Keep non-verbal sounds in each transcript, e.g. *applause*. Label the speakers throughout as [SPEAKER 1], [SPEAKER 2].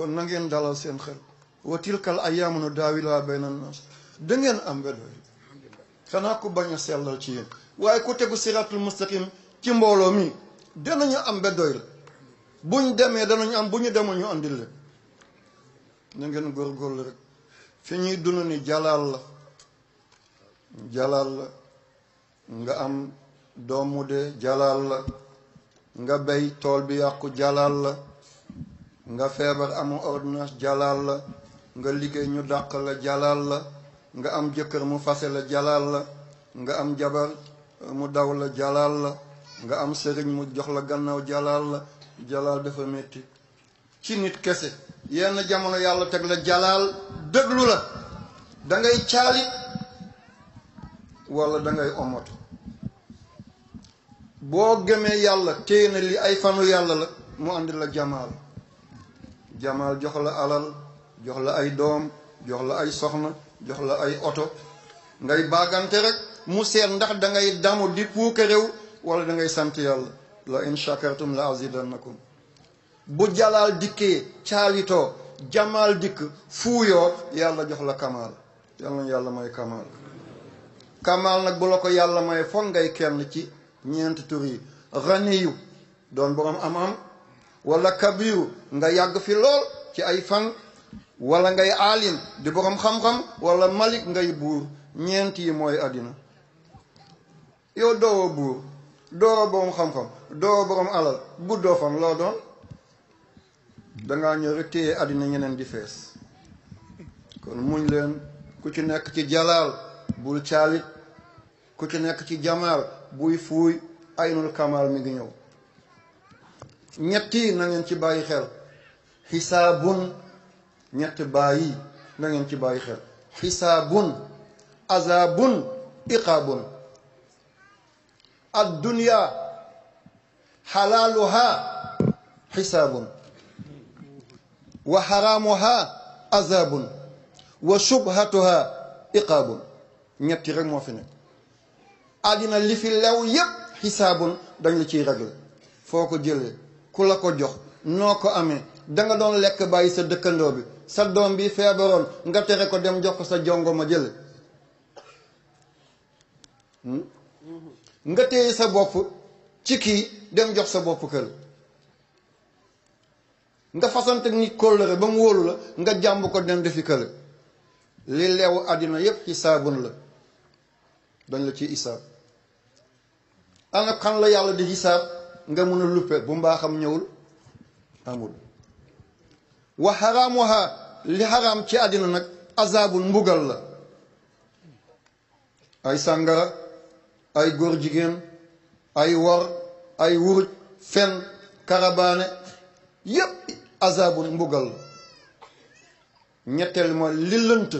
[SPEAKER 1] kon na ngeen dalal seen xel wa tilkal ayyaamu nudaawiluhaa bayna naas da ngeen am ba doy xanaa ku bañ a sellal ci yéen waaye ku tegu siraatul mustaqim ci mbooloo mi danañu am ba doy la buñ demee danañu am bu ñu demee ñu andil leen na ngeen góorgóorlu rek fi ñuy dund ni jalaal la jalaal la nga am doomu de jalaal la nga bay tool bi yàqu jalaal la nga feebar amu ordonnance jalaal la nga liggéey ñu dàq la jalaal la nga am jëkkër mu fase la jalaal la nga am jabar euh, mu daw la jalaal la nga am sëriñ mu jox la gannaaw jalaal la jalaal dafa metti ci nit kese yenn jamono yàlla teg la jalaal déglu la da ngay caalit wala da ngay omoto boo gëmee yàlla téye na li ay fanu yàlla la mu àndi la jamaal jamaal jox la alal jox la ay doom jox la ay soxna jox la ay oto ngay baagante rek mu seet ndax dangay ngay damu di puuka réew wala da ngay sant yàlla la in shakartum la azidannakum bu jalaal dikkee caalitoo jamaal dikk fuuyoo yàlla jox la kamaal yàlla yàlla may kamaal kamaal nag bu la ko yàlla may foog ngay kenn ci ñeenti tur yi raniyu doon boroom am am wala kabiru nga yàgg fi lool ci ay fan walla ngay alin di borom xam-xam wala malik ngay buur ñeent yi mooy àddina yow doowoo buur doowoo borom xam-xam doowoo borom alal guddoo fan loo doon danga ñëw rek téye àddina ñeneen di fees kon muñ leen ku ci nekk ci jalaal bul caalit ku ci nekk ci jamaal buy fuuy aynul kamal mi ngi ñëw ñetti na ngeen ci bàyyi xel xisaabun ñetti bàyyi na ngeen ci bàyyi xel xisaabun azaabun iqaabun addunya xalaaluha xisaabun wa xaraamuha azaabun wa shubhatuha iqaabun ñetti rek moo fi nekk àddina li fi lew yépp xisaabun dañ la ciy ragal foo ko jëlee ku la ko jox noo ko amee danga doon lekk bàyyi sa dëkkandoo bi sa doom bi feebaroon nga tere ko dem jox ko sa jongo ma jële hmm? nga téye sa bopp ci kii dem jox sa bopp kël nga fasante nit kóllëre ba mu wóolu la nga jàmb ko dem defi kër li leewu àddina yépp ci saabun la dañ la ci isaab ana kan la yàlla di hisaab nga mun a luppe bu mbaaxam ñëwul amul wa xaraamuha li xaraam ci àddina nag azaabul mbugal la ay sàngara ay góor jigéen ay wor ay wuruj fen karabaane yépp azaabul mbugal la ñetteel mooy li lënt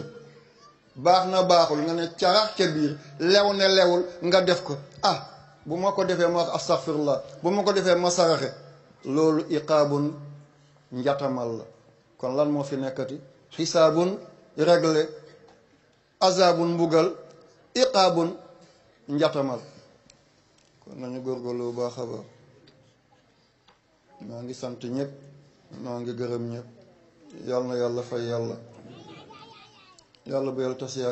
[SPEAKER 1] baax na baaxul nga ne carax ca biir lew ne lewul nga def ko ah bu ma ko defee ma wax astaghfirullah bu ma ko defee ma saraxe loolu iqaabun njatamal la kon lan moo fi nekkati xisaabun réglé azaabun mbugal iqaabun njatamal kon nañu góorgóorlu bu baax a baax maa ngi sant ñëpp maa ngi gërëm ñëpp yàlla na yàlla fay yàlla yàlla bu yàlla tas yi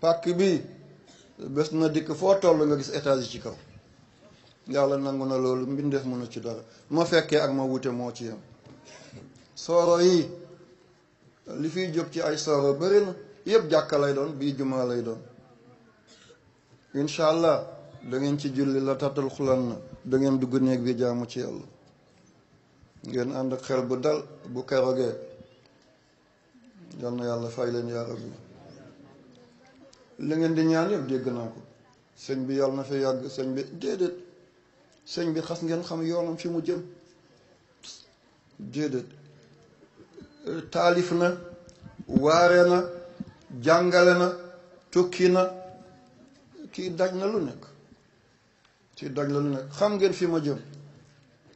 [SPEAKER 1] pàkk bii bés na dikk foo toll nga gis étage yi ci kaw yàlla nangu na loolu mbindeef mënu ci dara ma fekkee ak ma wute moo ci yem sooro yi li fiy jóg ci ay sooro bëri na yëpp jàkka lay doon bii jumaa lay doon incha allah da ngeen ci julli la tatal xulan na da ngeen dugg néeg bi jaamu ci yàlla ngeen ànd ak xel bu dal bu kerogee yal na yàlla fay leen yaa rabbi la ngeen di ñaan yëpp dégg naa ko sëñ bi yàlla na fi yàgg sëñ bi déedéet sëñ bi xas ngeen xam yoonam fi mu jëm déedéet taalif na waare na jàngale na tukki na kii daj na lu nekk kii daj na lu nekk xam ngeen fi ma jëm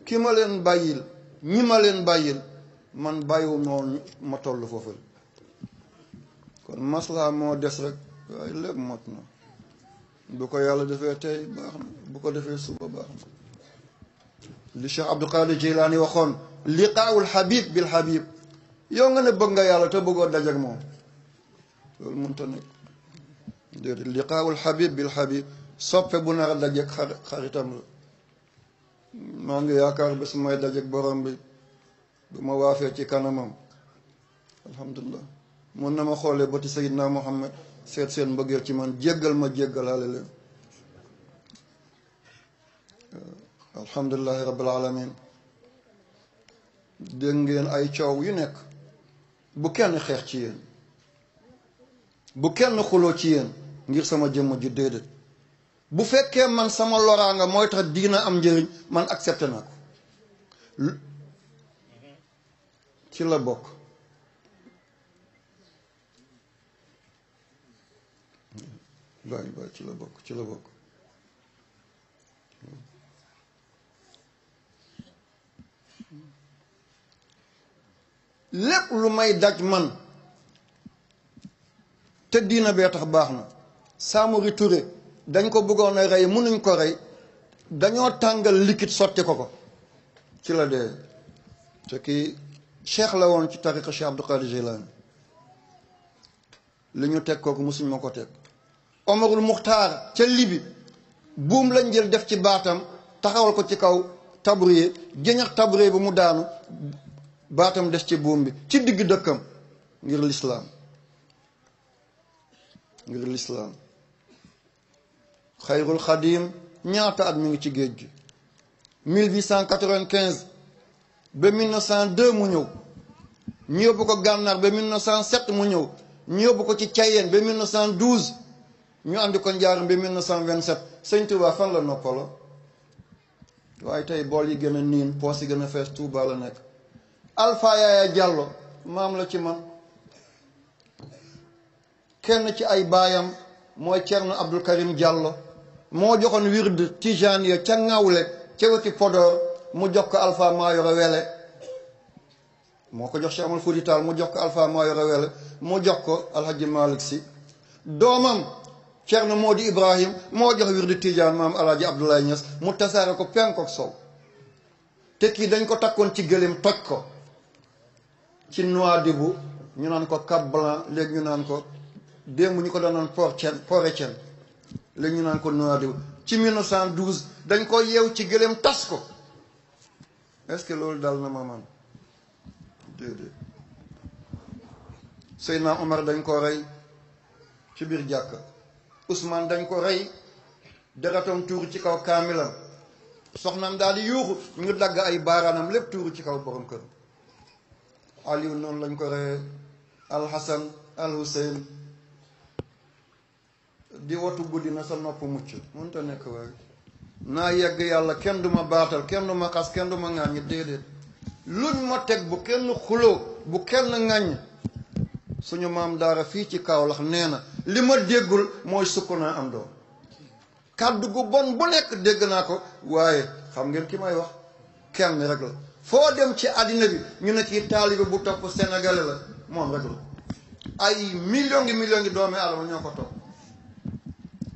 [SPEAKER 1] ki ma leen bàyyil ñi ma leen bàyyil man bàyyiwu noonu ma toll foofu kon maslaa moo des rek waaye lépp mot na bu ko yàlla defee tey baax na bu ko defee suba baax na li Cheikh Abdul Qadir Jilaani waxoon liqaawul xabib bil xabib yow nga ne bëgg nga yàlla te bëggoo dajak moom loolu mënta nekk déedéet liqaawul xabib bil xabib soppe bu nar a xaritam la maa ngi yaakaar bés may dajek borom bi bu ma waafee ci kanamam alhamdulilah mun na ma xoolee ba ci Seydina Muhammad seet seen mbëggeel ci man jéggal ma jéggalaale leen euh, alhamdulilahi rabbil alamin dégg ngeen ay coow yu nekk bu kenn xeex ci yéen bu kenn xuloo ci yéen ngir sama jëmm ju déedéet bu fekkee man sama loraanga mooy tax diina am njëriñ man accepté naa ko ci la bokk baay bokk ci la bokk lépp lu may daj man te diina bee tax baax na Samori Touré dañ ko bëggoon a rey mënuñ ko rey dañoo tàngal liquide sotti ko ko ci la dee te kii cheikh la woon ci tariqa Cheikh Abdou Qadir Jilani li ñu teg kooku mosuñ ma ko teg Omarul Muxtaar ca Libi buum lañ jël def ci baatam taxawal ko ci kaw tabrier jëñax tabrier bi mu daanu baatam des ci buum bi ci digg dëkkam ngir lislaam ngir lislaam xayrul xadim ñaata at mi ngi ci géej gi 1895 ba 1902 mu ñëw ñu yóbbu ko gànnaar ba 1907 mu ñëw ñu yóbbu ko ci cayeen ba 1912 ñu àndi ko njaaram bi vingt 1927 sëñ Touba fan la noppaloo waaye tey bool yi gën a niin poos yi gën a fees Touba la nekk Alpha Yaya Diallo maam la ci man kenn ci ay baayam mooy Cerno Abdul Karim Diallo moo joxoon wird tijaan ya ca ŋawle ca weti Podor mu jox ko Alpha Mayoro Wele moo ko jox Cheikh Amadou Fouti Tall mu jox ko Alpha Mayoro Wele mu jox ko Alhaji Malick Sy doomam na moo di Ibrahim moo jox wirdu Tijaan maam Alaaji Abdoulaye Niass mu tasaare ko penkook sow te kii dañ ko takkoon ci gëléem toj ko ci Nouadhibou ñu naan ko Cap Blanc léegi ñu naan ko démb ñu ko danoon Port-Étienne Port-Étienne léegi ñu naan ko Nouadhibou ci 1912 dañ ko yeew ci gëléem tas ko est-ce que loolu dal na ma man déedéet Seydina Omar dañ ko rey ci biir jàkka Ousmane dañ ko rey deretam tuur ci kaw kaamilam soxnaam daal di yuuxu ñu dagg ay baaraanam lépp tuuru ci kaw borom kër Aliou noonu lañ ko reyee alxasan alxuseyn di watu guddi na sa nopp mucc mënut a nekk waaye naa yegg yàlla kenn du ma baatal kenn du ma xas kenn du ma ŋàññ déedéet luñ ma teg bu kenn xuloo bu kenn ŋàññ suñu maam daara fii ci Kaolack nee na li ma déggul mooy sukk naa am doom kàddu gu bon bu nekk dégg naa ko waaye xam ngeen ki may wax kenn rek la foo dem ci àddina bi ñu ne ci taalibe bu topp sénégalais la moom rek la ay million ngi million ngi doomi adama ñoo ko topp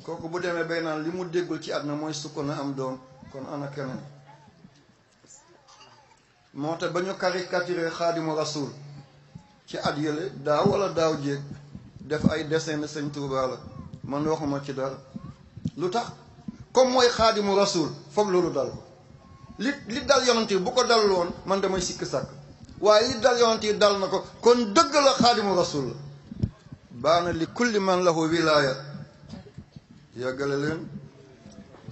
[SPEAKER 1] kooku bu demee bay naan li mu déggul ci àddina mooy sukk na am doom kon ana keneen moo tax ba ñu caricaturé xaadimu rasul ci at yële daaw wala daaw jéeg def ay dessin ne sëñ Tuuba la man waxuma ci dara lu tax comme mooy xaadimu rasul foog loolu dal ko li li dal yonent bu ko dal woon man damay sikk sàkk waaye li dal yonent yi dal na ko kon dëgg la xaadimu rasuul la baana li kulli man ko wilaaya yàggale leen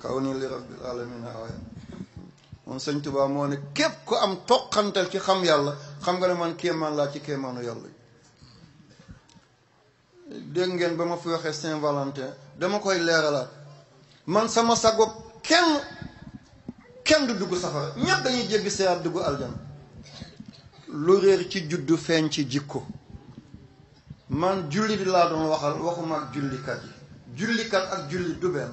[SPEAKER 1] kaw ni li rabbil alamin aaya moom sëñ Tuuba moo ne képp ku am toqantal ci xam yàlla xam nga ne man kéemaan laa ci kéemaanu yàlla dégg ngeen ba ma fi waxee Saint-Valentin dama koy leeralaat man sama sago kenn kenn du dugg safara ñëpp dañuy jéggi seeraat dugg aljana lu réer ci juddu feeñ ci jikko man julli bi laa doon waxal waxuma ak jullikat yi jullikat ak julli du benn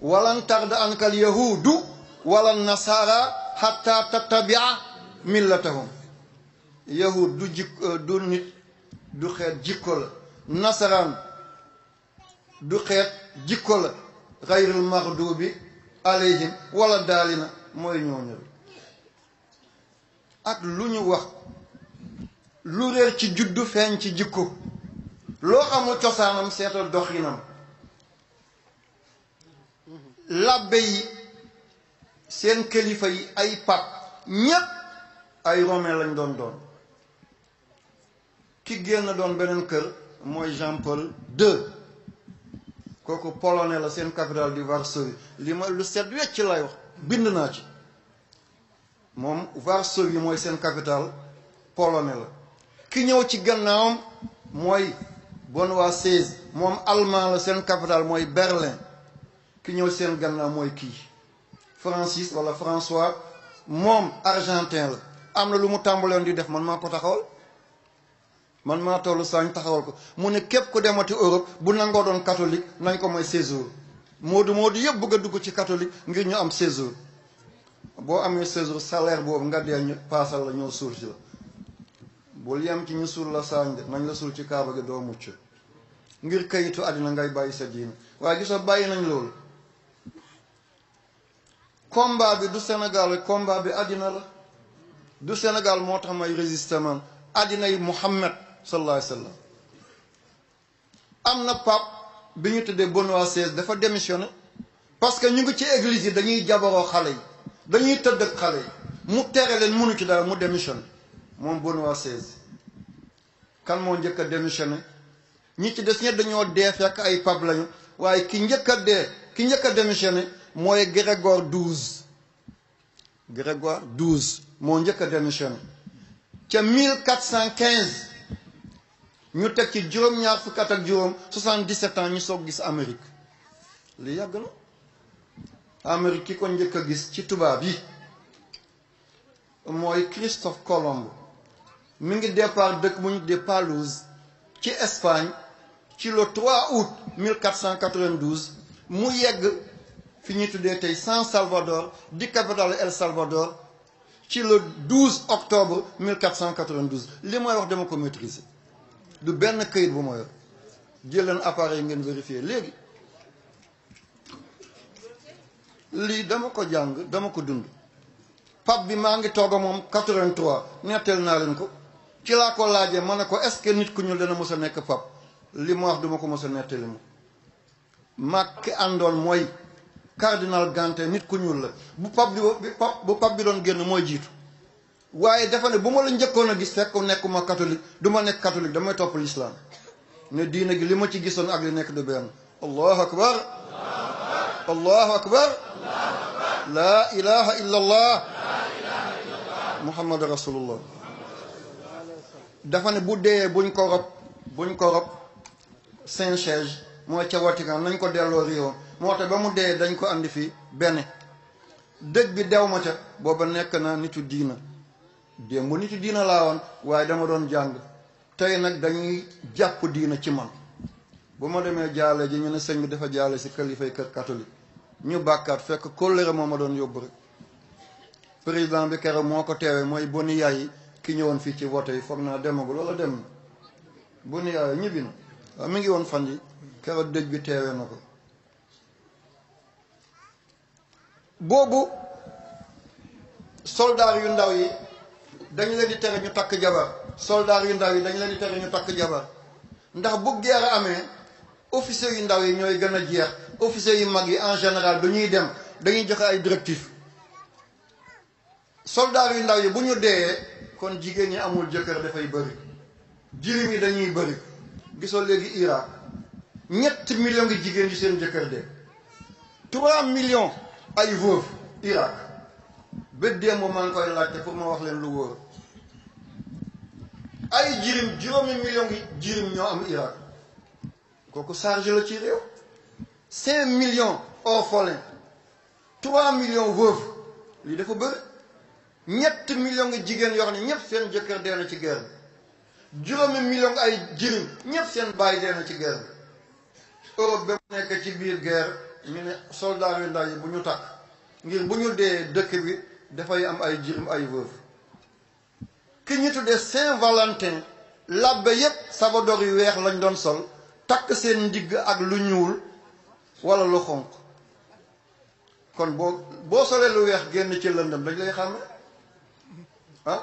[SPEAKER 1] walan tarda ankal yahudu wala nasara hatta tattabia millatahum yahud du jikk du nit du xeet jikko la nasaraan du xeet jikko la xayril maxdubi alayhim walla daalina mooy ñooñu la ak lu ñu wax lu réer ci juddu feeñ ci jikko loo xamul cosaanam seetal doxinam labbe yi seen kilifa yi ay pap ñépp ay romain lañ doon doon ki génn doon beneen kër mooy Jean Paul II kooku polonais la seen capitale di Varsovie li ma lu set wecc lay wax bind naa ci moom Varsovie mooy seen capital polonais la ki ñëw ci gannaaw mooy Benoît XVI moom allemand la seen capitale mooy Berlin ki ñëw seen gannaaw mooy kii Francis wala François moom argentin la am na lu mu tàmbaloon di def man maa ko taxawal man maa tollu saa ñu taxawal ko mu ne képp ku demati Europe bu nangoo doon catholique nañ ko mooy séjour moodu moodu yëpp bëgg a dugg ci catholique ngir ñu am séjour boo amee séjour salaire boobu nga dee ñu paasal la ñoo suul ci la bul yem ci ñu suul la saañ de nañ la suul ci kaaba gi doo mucc ngir kayitu àddina ngay bàyyi sa diine waaye gisa bàyyi nañ loolu combat bi du Sénégal combat bi àddina la du Sénégal moo tax may résisté man àddina yi Muhammad sallallahu la wa sallam am na pape bi ñu tuddee Benoît XVI dafa démissionné parce que ñu ngi ci église yi dañuy jabaroo xale yi dañuy tëdd ak xale yi mu tere leen mënu ci dara mu démissionné moom Benoît XVI kan moo njëkk a démissionné ñi ci des ñett dañoo dee fekk ay pape lañu waaye ki njëkk dee ki njëkk a mooy Grégoire douze Grégoire douze moo njëkk a démissionné ca mille quatre cent quinze ñu teg ci juróom-ñaar fukk ak juróom 77 ans ñu soo gis Amérique li yàgg la Amérique ki ko njëkk a gis ci tubaab yi mooy Christophe Colomb mu ngi départ dëkk bu ñu de Palouse ci Espagne ci le 3 août 1492 mu yegg fi ñuy tuddee tey San Salvador di capitale El Salvador ci le 12 octobre 1492 li mooy wax dama ko maîtriser. du benn kayit bu ma yor jëleen appareil ngeen vérifié léegi lii dama ko jàng dama ko dund pap bi maa ngi toog a moom 83 netteel naa leen ko ci laa ko laajee ma ne ko est nit ku ñuul dana mës a nekk pap li ma wax duma ko mos a nettali ma mag ki àndoon mooy cardinal Gante nit ku ñuul la bu pap bi bu pap bi doon génn mooy jiitu waaye dafa ne bu ma la njëkkoon a gis fekk nekkuma catholique du ma nekk catholique damay topp lislaam ne diina gi li ma ci gisoon ak li nekk du benn allahu akbar allahu akbar laa ilaha illa allah muhammadu rasulullah dafa ne bu dee buñ ko rob buñ ko rob Saint-Siège mooy ca nañ ko delloo Rio moo tax ba mu dee dañ ko andi fii benn dëgg bi dew ma ca booba nekk na nitu diina démb nitu diina laa woon waaye dama doon jàng tey nag dañuy jàpp diina ci man bu ma demee jaale ji ñu ne sëñ bi dafa jaale si kalifay kër catholique ñu bàkkaat fekk kóllëre moo ma doon yóbbu rek président bi keroog moo ko teewee mooy boni yaay ki ñëwoon fii ci vote yi foog naa demagul wala dem na boni yaay ñibbi na waaw mi ngi woon fan yi keroog dëj bi teewee na ko boobu soldaar yu ndaw yi dañu leen di tere ñu takk jabar soldaar yu ndaw yi dañu leen di tere ñu takk jabar ndax bu guerre amee officier yu ndaw yi ñooy gën a jeex officier yu mag yi en général dañuy dem dañuy joxe ay directive soldaar yu ndaw yi bu ñu deeyee kon jigéen ñi amul jëkkër dafay bëri jirim yi dañuy bëri gisoo léegi Irak ñetti million ngi jigéen yi seen jëkkër de trois millions ay veuve Irak ba démb maa ngi koy laajte pour ma wax leen lu wóor ay jirim juróomi million yi jirim ñoo am Irak kooku chargé la ci réew cinq millions orphelins trois millions veuves lii dafa bëri ñett million ngi jigéen yoo xam ne ñëpp seen jëkkër dee ci guerre bi juróomi million ay jirim ñëpp seen bàyyi dee ci guerre bi ba mu nekk ci biir guerre ñu ne soldats yu ndaw yi bu ñu tàkk ngir bu ñu dee dëkk bi dafay am ay jirim ay veuve ki ñu tuddee Saint Valentin labbe yépp sabadoor yu weex lañ doon sol takk seen ndigg ak lu ñuul wala lu xonq kon boo boo solee lu weex génn ci lëndëm dañ lay xam ah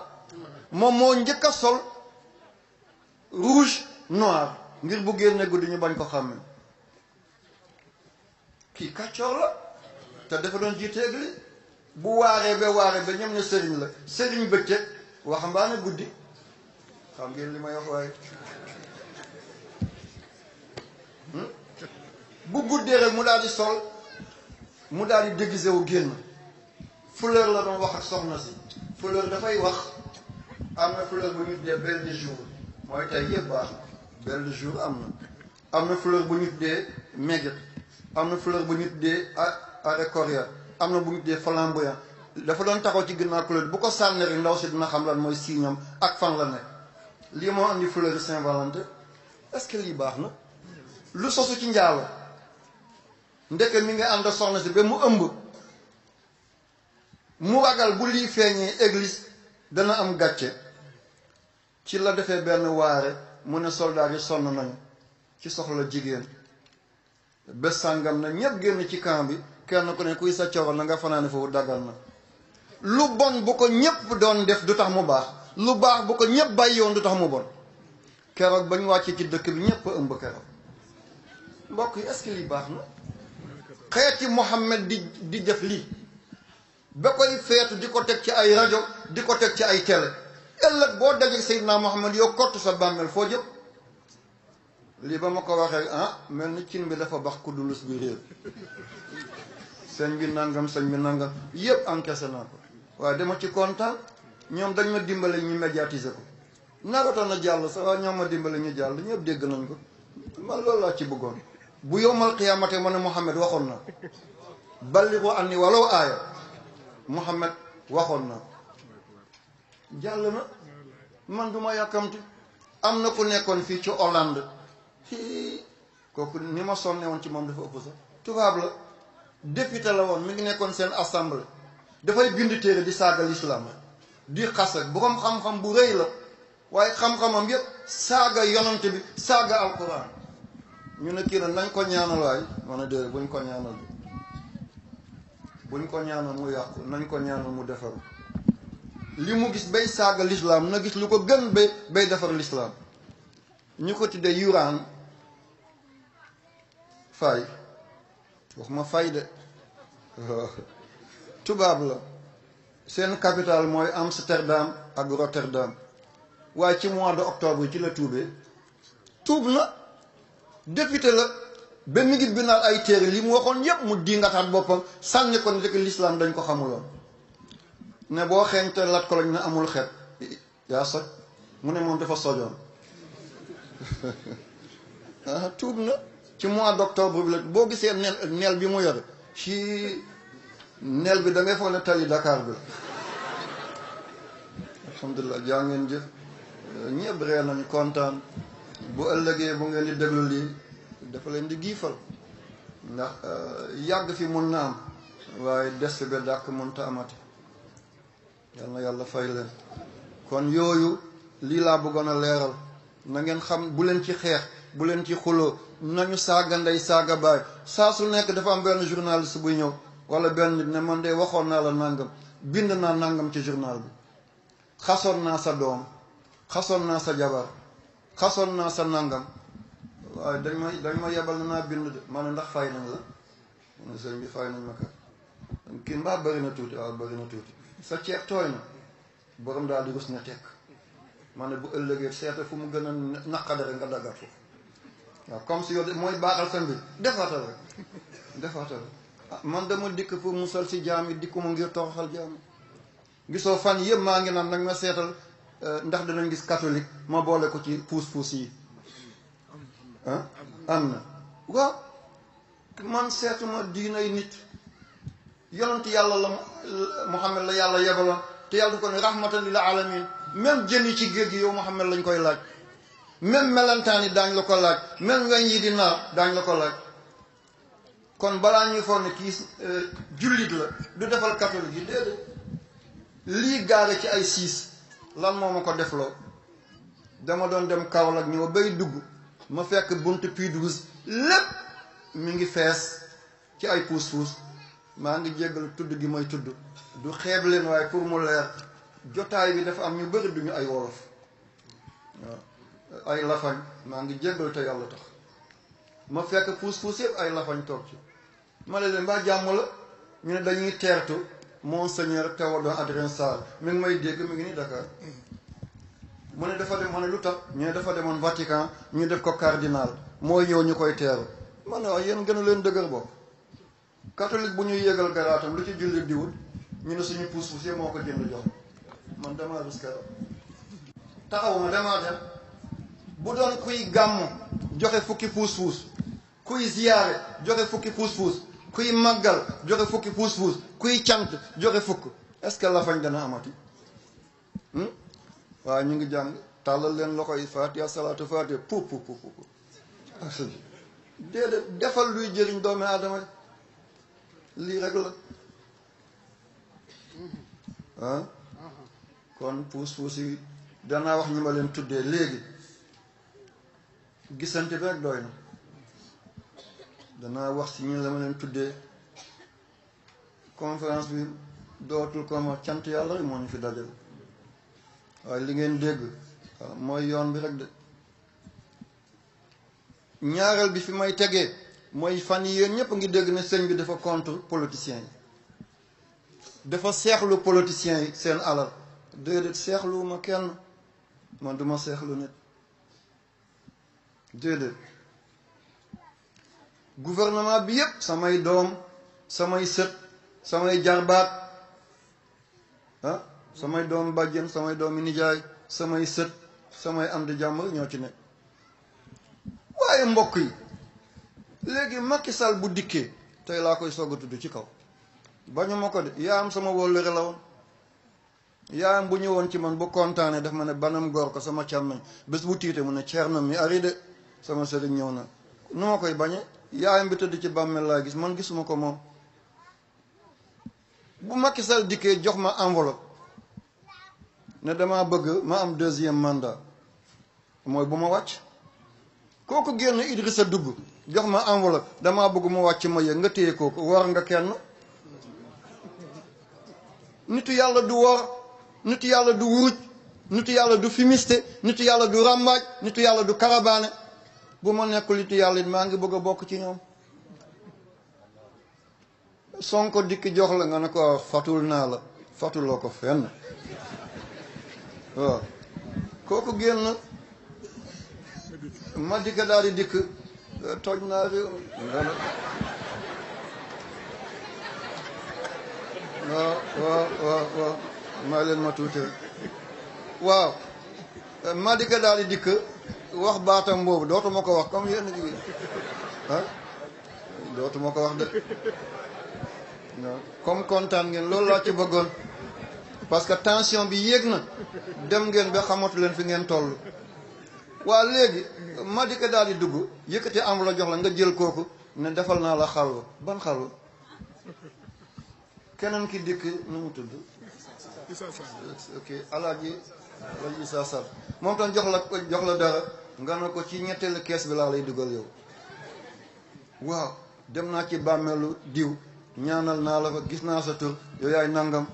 [SPEAKER 1] moom moo njëkk a sol rouge noir ngir bu génne guddi ñu bañ ko xam kii kàccoor la te dafa doon jiiteegle bu waaree ba waaree ba ñoom ñu sëriñ la sëriñ bëccëg waxambaane guddi xam ngeen li may wax waaye hmm? bu guddee rek mu daal di sol mu daal di déguisé wu génn fleur la doon wax ak soxna si fleur dafay wax am na fleur bu ñu dee belle de jour mooy tey yëpp baax na belle de jour am na am na fleur bu ñu dee maigrette am na fleur bu ñu dee ah école ah, ya am na bu ñu dee flamboyant dafa doon taxaw ci ginnaaw couleur bu ko sànni ndaw si dina xam lan mooy siiñam ak fan la nekk lii moo andi fleur Saint-Valentin est-ce que lii baax na lu sosu ci njaalo ndeke mi nga ànd a soxna si ba mu ëmb mu ragal bu lii feeñee église dana am gàcce ci la defee benn waare mu ne soldaar yi sonn nañu ci soxla jigéen bés sàngam na ñépp génn ci camp bi kenn ku ne kuy sa coowal na nga fanaane foofu daggal na lu bon bu ko ñépp doon def du tax mu baax lu baax bu ko ñépp bàyyi yoon du tax mu bon keroog ba ñu wàccee ci dëkk bi ñépp ëmb keroog mbokk yi est-ce que lii baax na xeeti Muhammad di di def lii ba koy feetu di ko teg ci ay rajo di ko teg ci ay télé ëllëg boo dajee Seydina Muhammad yow kott sa bàmmeel foo jëm lii ba ma ko waxee ah mel ni cin bi dafa bax ku dulus bi réer sëñ bi nangam sëñ bi nangam yëpp encaissé naa ko waaye dama ci kontaan ñoom dañ ma dimbale ñu médiatiser ko narata na jàll sa waaye ñoom ma dimbale ñu jàll ñëpp dégg nañ ko man loolu laa ci bëggoon bu yowmal qiyaamate ma ne Mouhamed waxoon na balligu anni walaw aaya Mouhamed waxoon na jàll na man du ma yàkkamti am na ku nekkoon fii ci Hollande kooku ni ma sonne ci moom dafa ëpp sax tubaab la député la woon mi ngi nekkoon seen assemblée dafay bind téere di saaga lislaam di xas rek boroom xam-xam bu rëy la waaye xam-xamam yépp saaga yonante bi saaga alquran ñu ne kii na nañ ko ñaanal waay ma ne déedéet buñ ko ñaanal buñ ko ñaanal mu yàqu nañ ko ñaanal mu defaru li mu gis bay saaga lislaam na gis lu ko gën bay bay defar lislaam ñu ko tuddee yuraan fay waxuma fay de tubaab la seen capital mooy Amsterdam ak Rotterdam waaye ci mois de octobre ci la tuubee tuub na député la benn mi ngi binaal ay téere li mu waxoon yépp mu diingataat boppam sànni ko ne rek lislaam dañ ko xamuloon ne boo xeeñte lat ko lañ ne amul xet yaa sax mu ne moom dafa sojoon *laughs* ah, tuub na ci mois d' octobre bi la boo gisee nel nel bi mu yore ci nel bi dangay ngay foog ne tali Dakar bi la alhamdulilah jaa ngeen jëf ñëpp ree nañ kontaan bu ëllëgee bu ngeen di déglu lii dafa leen di giifal ndax euh, yàgg fi mun na am waaye des fi ba dàkk munta amati yal na yàlla fay leen kon yooyu lii laa bëggoon a leeral na ngeen xam bu leen ci xeex bu leen ci xuloo nañu saaga ndey saaga baay saa su nekk dafa am benn journaliste buy ñëw wala benn nit man de waxoon naa la nangam bind naa nangam ci journal bi xasoon naa sa doom xasoon naa sa jabar xasoon naa sa nangam waaye dañ ma dañ ma yebal na naa bind de ma ne ndax fay nañ la ma ne sëñ bi fay nañ ma kii mbaa bëri na tuuti waaw bëri na tuuti sa ceeb tooy na borom daal di rus ne tekk bu ëllëgee seeta fu mu gën a naqadare nga daggat foofu waaw comme si yow mooy baaxal sa mbir defaatal rek defaatal rek ah, man dama dikk pour musal si jaam yi dikkuma ngir toroxal jaam yi gisoo fan yëpp maa ngi naan nag ma seetal euh, ndax danañ gis katolik ma boole ko ci puus-puus yi ah am na waaw man seetuma diinay nit yonent yàlla la Muhammad la yàlla yebaloon te yàlla du ko ne rahmatan la alamin même jën yi ci géej gi yow Muhammad lañ koy laaj même melantaan yi daañ la ko laaj même weñ yi di naar daañ la ko laaj kon balaa ñuy foog ne kii euh, jullit la du defal catholique yi déedéet lii gaare ci ay siis lan moo ma ko def loo dama doon dem Kaolack ñëw bay dugg ma fekk bunt Puy 12 lépp mi ngi fees ci ay puus-puus maa ngi jéggalu tudd gi may tudd du xeeb leen waaye pour mu leer jotaay bi dafa am ñu bëri duñu ay wolof waaw ay lafañ maa ngi jéggalu te yàlla tax ma fekk puus-puus yëpp ay lafañ toog ci ma ne leen baa jàmm la ñu ne dañuy teertu monseigneur Théodore Adrien Sarr mi ngi may dégg mi ngi ni Dakar mu ne dafa dem ma ne lu tax ñu ne dafa demoon Vatican ñu def ko cardinal mooy ñëw ñu koy teeru man ne waaye yéen gën a leen dëgër bopp catholique bu ñuy yégal garaatam lu ci jullit di ñu ne suñu puus-puus yëpp moo ko man damaa dem bu doon kuy gàmm joxe fukki puus-puus kuy ziyaare joxe fukki puus-puus kuy màggal joxe fukki puus-puus kuy cant joxe fukk est-ce que la fañ dana amati hmm? waaw ñu ngi jàng tàllal leen loxo yi faatiha salaatu faatiha pu pu defal luy jëriñ doomi aadama lii rek la ah kon puus-puus yi danaa wax ñu ma leen tuddee léegi gisante bi rek doy na danaa wax si ñun la ma leen tuddee conférence bi dootul ko ma cant yàlla rek moo ñu fi dajal waaye li ngeen dégg waaw mooy yoon bi rek de ñaareel bi fi may tegee mooy fan yi yéen a ngi dégg ne sëñ bi dafa contre politiciens yi dafa seexlu politiciens yi seen alal déedéet ma kenn man duma seexlu nit déedéet gouvernement bi yépp samay doom samay sët samay jarbaat ah samay doom bàjjen samay doomi nijaay samay sët samay am di jàmm ñoo ci ne waaye mbokk yi léegi Macky sal bu dikkee tey laa koy soog a tudd ci kaw bañu ma ko de yaa am sama wóllëre la woon bu ñëwoon ci man bu kontaanee daf ma ne banam góor ko sama càmmeñ bés bu tiite mu ne ceerno mi ari de sama sëriñ ñëw na nu ma koy bañe yaayam bi tëdd ci bàmmeel laa gis man gisuma ko moom bu Macky Sall dikkee jox ma enveloppe ne dama bëgg ma am deuxième mandat mooy bu ma wàcc kooku génn Idrissa dugg jox ma enveloppe dama bëgg ma wàcc ma yëg nga téye kooku war nga kenn nitu yàlla du wor nitu yàlla du wuruj nitu yàlla du fumiste nitu yàlla du ràmbaaj nitu yàlla du karabaane bu ma nekkul nitu maa ngi bëgg a bokk ci ñoom sonko dikk jox la nga ne ko fatul naa la fatuloo ko fenn waaw kooku génn ma dikk daal dikk toj naa réew waaw waaw waaw waaw leen ma tuute waaw ma dikk daal dikk wax baatam boobu dootuma ko wax comme yenn jigéen ah dootuma ko wax de comme kontaan ngeen loolu laa ci bëggoon parce que tension bi yéeg na dem ngeen ba xamatu leen fi ngeen toll waa léegi ma di ko daal di dugg yëkkati am la jox la nga jël kooku ne defal naa la xalwa ban xalwa keneen ki dikk nu mu tudd wala isa sal moom tam jox la jox la dara nga ne ko ci ñetteelu kees bi laa lay dugal yow waaw dem naa ci bàmmeelu diw ñaanal naa la fa gis naa sa tur yow yaay nangam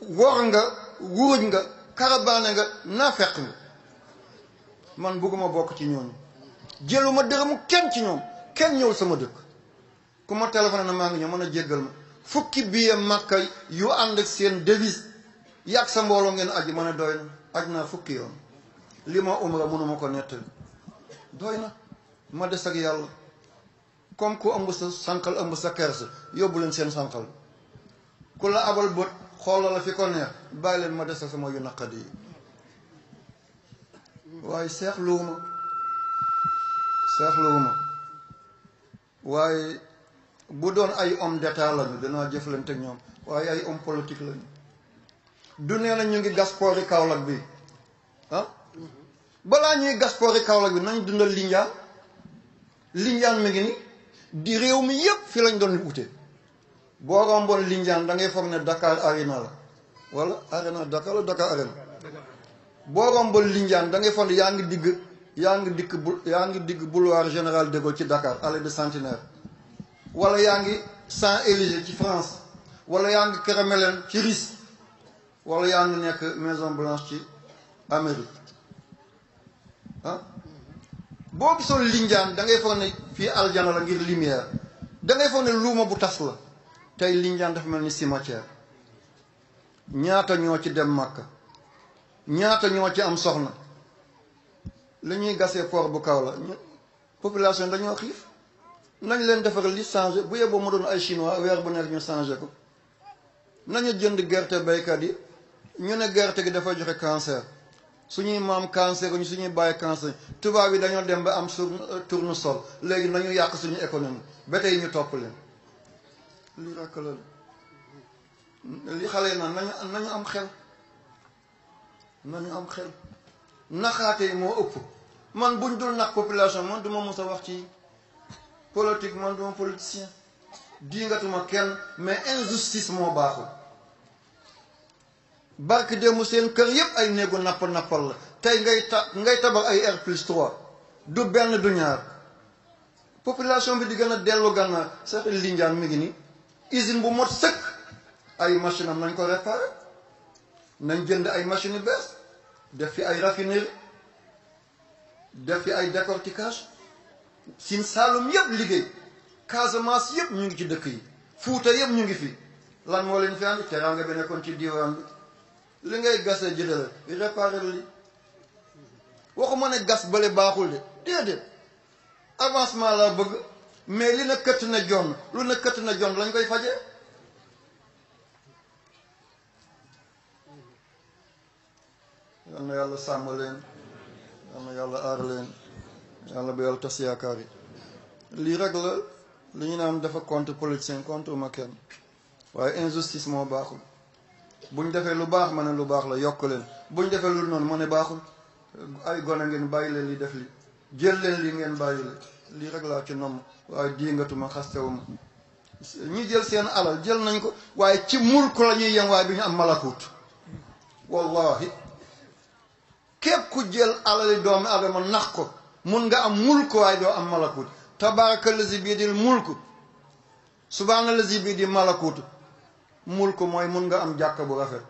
[SPEAKER 1] wor nga wuruj nga karabaane nga naa nga man bugguma bokk ci ñooñu jëluma dërëmu kenn ci ñoom kenn ñëw sama dëkk ku ma téléphoné na maa ngi ñëw mën a jéggal ma fukki billet Makka yu ànd ak seen devise yàgg sa mbooloo ngeen aji mën a doy na aj naa fukki yoon li ma umra mënuma ko nettali doy na ma des ak yàlla comme ku ëmb sa sànqal ëmb sa kersa yóbbu leen seen sànqal ku la abal bët xoolal la fi ko neex bàyyi leen ma des ak sama yu naqadi yi waaye seexluwuma seexluwuma waaye bu doon ay homme d'état lañu danaa jëflante ak ñoom waaye ay homme politique lañu du nee ñu ngi gas poori Kaolack bi ah? balaa ñuy gas poori Kaolack bi nañ dundal Linjaan Linjaan mi ngi ni di réew mi yépp fii lañ doon wute boo romboon Linjaan da ngay foog ne Dakar Arena la wala Arena Dakar la Dakar Arena boo romboon Linjaan da ngay foog ne yaa ngi digg yaa ngi dikk bu yaa ngi digg boulevard Général de Gaulle ci dakaar allée du Centenaire wala yaa ngi Saint-Élysée ci France wala yaa ngi Crémelin ci Russie wala yaa ngi nekk Maison Blanche ci Amérique ah boo gisoon linjaan da ngay foog ne fii aljana la ngir lumière da ngay foog luuma bu tas la tey linjaan dafa mel ni cimetière ñaata ñoo ci dem Màkka ñaata ñoo ci am soxna li ñuy gasee port bu kaw la population dañoo xiif nañ leen defar li changé bu yeboo mu doon ay chinois weer bu nekk ñu changé ko nañu jënd gerte baykat yi ñu ne gerte gi dafa joxe cancer suñuy maam cancer ñu suñuy bàyyi cancer tubaab yi dañoo dem ba am sur euh, tournesol léegi nañu yàq suñu économie ba tey ñu topp leen lu ràkk loolu li xale yi naan nañu am xel nañu am xel naxaate yi moo ëpp man buñ dul nax population man duma mos a wax ci politique man duma politicien diingatuma kenn mais injustice moo baaxul barki démb seen kër yépp ay néegu napp nappal la tey ngay ta ngay tabax ay R plus 3 du benn du ñaar population bi di gën a dellu gànnaar sax linjaan mi ngi nii usine bu mot sëkk ay machine am nañ ko réparé nañ jënd ay machine yu bees def fi ay raffinerie def fi ay décortiquage Sine Saalum yépp liggéey Casamance yépp ñu ngi ci dëkk yi Fuuta yépp ñu ngi fi lan moo leen fi ànd teraanga bi nekkoon ci diwaan bi li ngay gasee jëlal réparer li waxuma ne gas bale baaxul de déedéet avancement laa bëgg mais li na këtt na jonn lu na këtt na jonn lañ koy faje yal na yàlla sàmm leen yal na yàlla aar leen yàlla ba yàlla tas yi lii rek la li ñu naan dafa contre politicien contre ma kenn waaye injustice moo baaxul buñ defee lu baax ma ne lu baax la yokk leen buñ defee noonu ma ne baaxul ay gone ngeen bàyyi leen li def li jël leen li ngeen bàyyi la lii rek laa ci nomm waaye diingatuma xastewuma ñi jël seen alal jël nañ ko waaye ci mulku la ñuy yem waaye bi ñu am malakut wallahi képp ku jël alali doomi adama nax ko mun nga am mulku waaye doo am malakut tabaraka lazi bi di mulku subhaana lazi bi di malakutu mulku mooy mun nga am jàkka bu rafet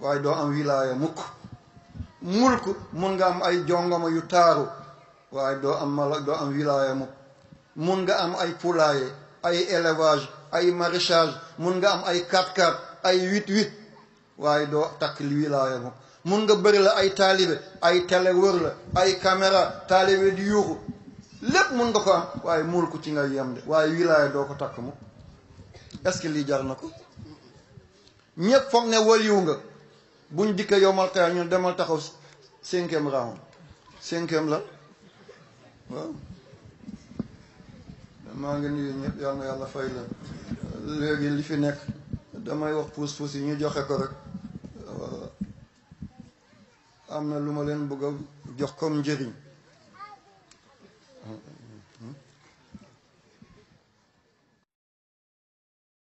[SPEAKER 1] waaye doo am wilaaya mukk mulku mun nga am ay jongoma yu taaru waaye doo am mala doo am wilaaya mukk mun nga am ay poulailler ay élevage ay maraîchage mun nga am ay 4 x ay 8 x waaye doo takk wilaaya mukk mun nga bëri la ay taalibe ay télé wër la ay kamera taalibe di yuuxu lépp mun nga ko am waaye mulku ci nga yem waaye wilaaya doo ko takk mukk est-ce que lii jar na ko ñëpp foog ne waliyu nga buñ dikk yomal xeer ñu demal taxaw cinquième round cinquième la waaw maa ngi nuyu ñëpp yal yàlla fay la léegi li fi nekk damay wax puus-puus yi ñu joxe ko rek am na lu ma leen bëgg a jox comme njëriñ